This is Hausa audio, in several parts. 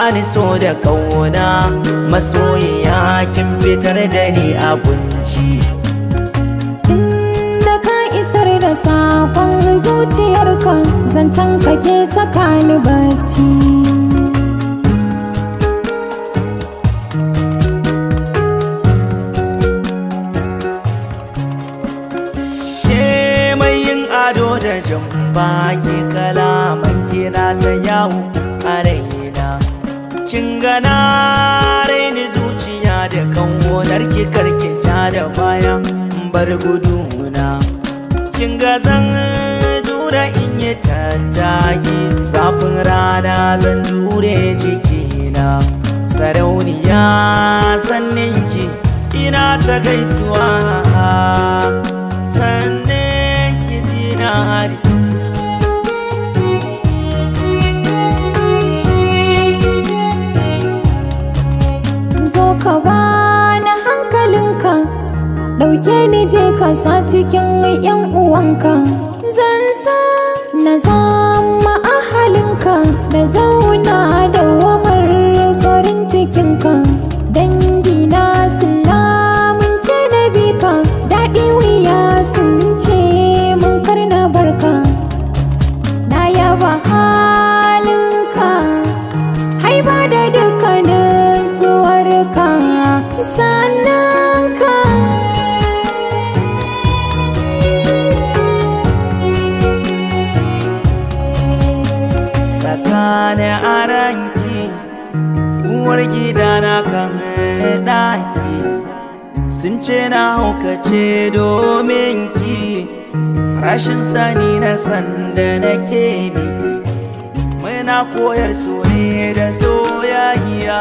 bani so da kauna masoyiya kin fitar da ni a kunci ka isar da sakon zuciyarka zancen ke saka ni bacci ado da jamba ke kalaman kina ta yawo a rai kin gana raini zuciya da kan ki karki ja da baya bar guduna kin ga zan dura in yi tattaki zafin rana zan dure jikina sarauniya ki? ina ta gaisuwa ki zinari zo ka bani hankalinka ɗauke ni je ka sa cikin yan uwanka zan sa na zama ahalinka da zau ne a ranki uwar gida na kan daki sun ce na haukace domin ki rashin sani na sanda nake miki muna koyar so ne da soyayya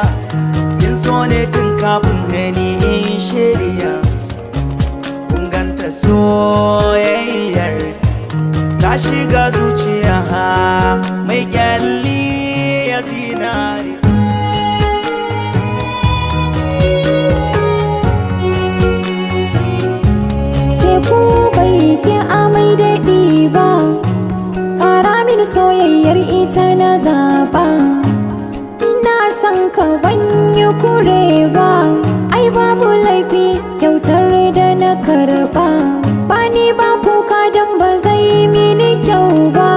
kin so ne tun kafin gani in shirya kun ganta soyayyar ta shiga zuwa soyayyar ita na zaba ina son ka ban yi kure ba ai babu laifi kyautar da na karba ba ni ba kuka don ba zai mini kyau ba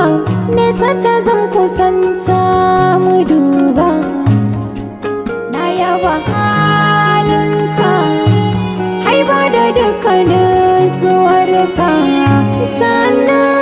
nesa ta zan kusanta mu duba na yaba halinka ba da dukkanin zuwarka sannan